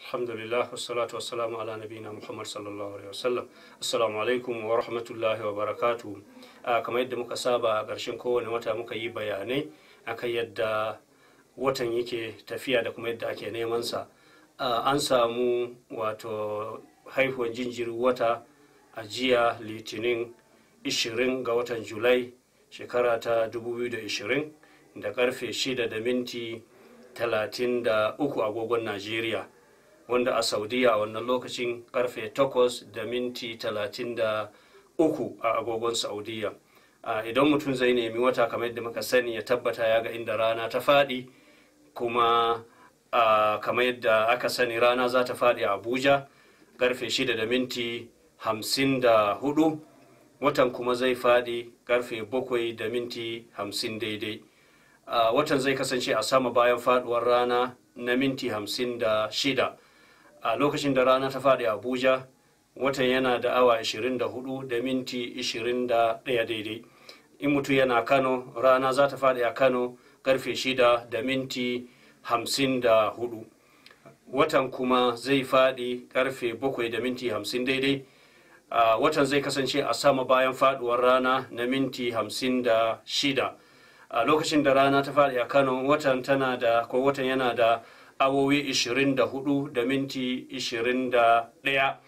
alhamdulillah wassalatu wassalamu ala nabina muhammad sallallahu alaihi wasallam assalamu alaikum wa rahmatullahi wa barakatu. Ah, kamar yadda muka saba a ƙarshen kowane wata muka yi bayanai akan yadda watan yake tafiya da kuma yadda ake neman sa ah, an samu wato haihuwar jinjiri wata a jiya litinin 20 ga watan julai shekara ta 2020 da karfe 6 da minti 33 agogon najeriya wanda a saudiya wannan lokacin karfe 8 da minti 33 a agogon saudiya idan mutum zai nemi wata kamar yadda muka sani ya tabbata ya ga inda rana ta faɗi kuma kamar yadda aka sani rana za ta faɗi a abuja karfe 6 da minti 54 watan kuma zai faɗi karfe 7 da minti 50 daidai watan zai kasance a sama bayan faduwar rana na minti 56 a lokacin da rana ta faɗi abuja watan yana da awa 24 da minti 21 daidai in mutu yana kano rana za ta faɗi a kano karfe 6 da minti 54 watan kuma zai faɗi karfe 7 da minti 50 daidai a watan zai kasance a sama bayan faɗuwar rana na minti 56 a lokacin da rana ta faɗi a kano watan tana da ko watan yana da awowi 24 da minti 21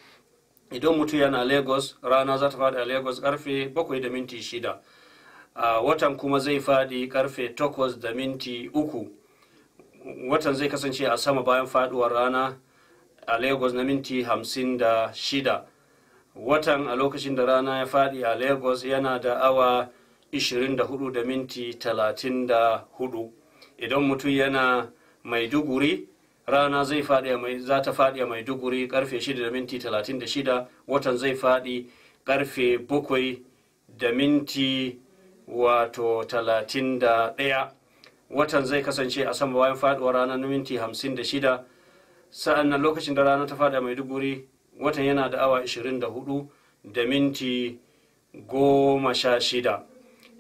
idan mutu yana lagos rana za ta faɗi a lagos karfe 7 da minti 6 a watan kuma zai faɗi karfe 8 da minti 3 watan zai kasance a sama bayan faɗuwar rana a lagos na minti 56 watan a lokacin da rana ya faɗi a lagos yana da awa 24 da minti 34 idan mutum yana maiduguri rana zai faɗi za ta faɗi a maiduguri karfe 6:36 da watan zai faɗi karfe 7:31 da minti 31 watan zai kasance a sama bayan faɗuwar rana na minti 56 sa'an nan lokacin da rana ta faɗi a maiduguri watan yana da awa 24 da minti 16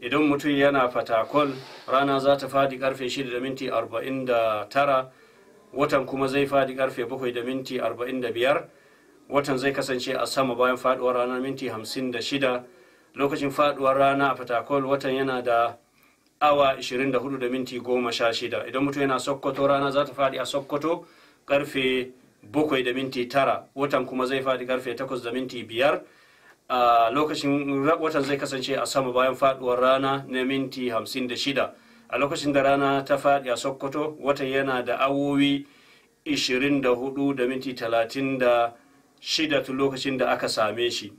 idan mutum yana fatakol rana za ta fadi karfe 6 da minti watan kuma zai fadi karfe 7 da minti 45 watan zai kasance a sama bayan faduwar rana minti 56 lokacin faduwar rana a fatakol watan yana da awa 24 minti 16 idan mutum yana sokoto rana za ta fadi a sokoto karfe 7 da minti watan kuma zai fadi karfe 8 da minti a lokacin watan zai kasance a sama bayan faduwar rana na minti 56 a lokacin da rana ta faɗi a sokoto watan yana da awowi 24 da minti 36 tun lokacin da aka same shi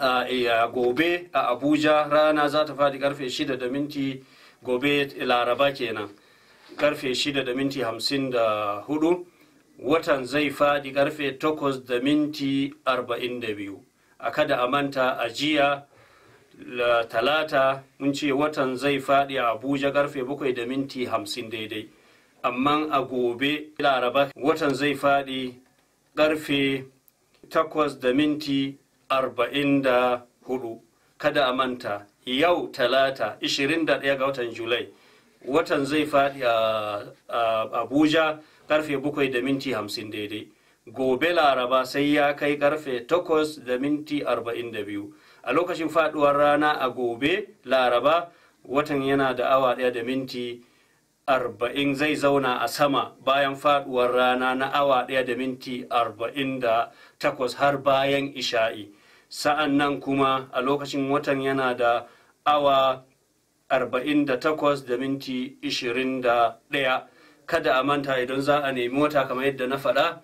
a e, gobe a abuja rana za ta faɗi karfe 6 da minti gobe laraba kenan karfe 6 da minti 54 watan zai faɗi karfe 8 da minti 42 a kada a manta a jiya talata mun ce watan zai faɗi a abuja karfe bakwai da minti hamsin daidai amma a gobe laraba watan zai faɗi karfe takwas da minti arba'in da hudu kada a manta yau talata 21 ga watan julai watan zai faɗi a abuja karfe bakwai da minti hamsin daidai gobe laraba sai ya kai karfe 8:42 a lokacin faduwar rana a gobe laraba watan yana da awa daya da minti 40 zai zauna a sama bayan faduwar rana na awa daya da minti 48 har bayan isha'i sa'an nan kuma a lokacin watan yana da awa 48 da minti 21 kada a manta idan za a nemi wata kamar yadda na faɗa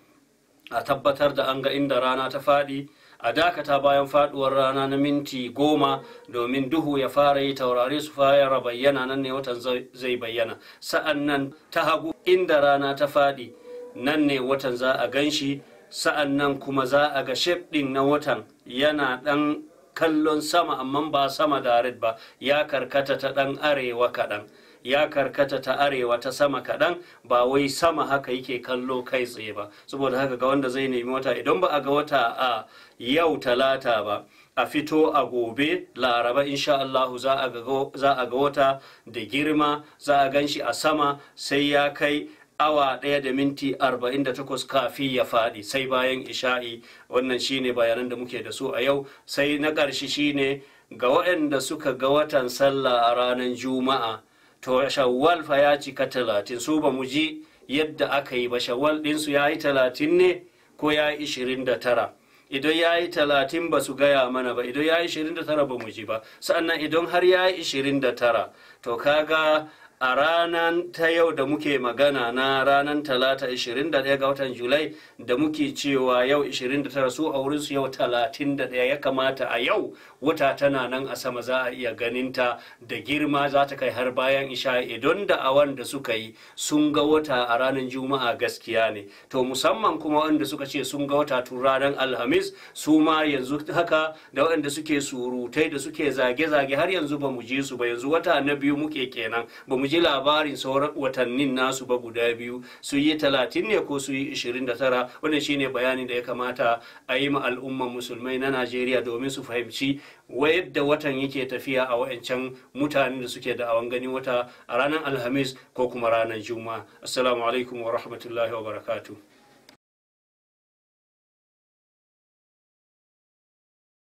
a tabbatar da an ga inda rana ta faɗi a dakata bayan faduwar rana na minti goma domin duhu ya fara yi taurari su fara bayyana nan ne watan zai bayyana sa'an nan ta hagu inda rana ta faɗi nan ne watan za a gan shi sa'an nan kuma za a ga shef ɗin na watan yana ɗan kallon sama amma ba sama da ba ya karkata ta ɗan arewa kaɗan. ya karkata ta arewa ta sama kaɗan ba wai sama haka yake kallo kai tsaye ba saboda haka ga wanda zai nemi wata idan ba a ga wata a yau talata ba a fito a gobe laraba insha Allahu za a ga wata da girma za a gan shi a sama sai ya kai awa ɗaya da minti arba'in da takwas kafi ya faɗi sai bayan isha'i wannan shine bayanan da muke da su a yau sai na ƙarshe shine ga waɗanda suka ga watan sallah a ranar juma'a to shawwal fa ya cika talatin su ba mu ji yadda aka yi ba shawwal ɗinsu ya yi talatin ne ko ya yi ishirin da tara idan ya yi talatin ba su gaya mana ba idan ya yi ishirin da tara ba mu ji ba sannan idan har ya yi ishirin da tara to kaga a ranar ta yau da muke magana na ranar talata 21 ga watan julai da muke cewa yau 29 su a wurin su yau 31 ya kamata a yau wata tana nan a sama za a iya ganinta da girma za ta kai har bayan isha idan da a wanda suka yi sun ga wata a ranar juma'a gaskiya ne to musamman kuma wanda suka ce sun ga wata tun ranar alhamis su ma yanzu haka da waɗanda suke surutai da suke zage-zage har yanzu ba mu je su ba yanzu wata na biyu muke kenan ba mu ji labarin sauran watannin nasu ba guda biyu su yi talatin ne ko su yi ishirin da tara wannan shine bayanin da ya kamata a yi ma al'umman musulmai na najeriya domin su fahimci yadda watan yake tafiya a wa'ancan mutanen da suke da awan gani wata a ranar alhamis ko kuma ranar juma'a assalamu alaikum wa rahmatullahi wa barakatuh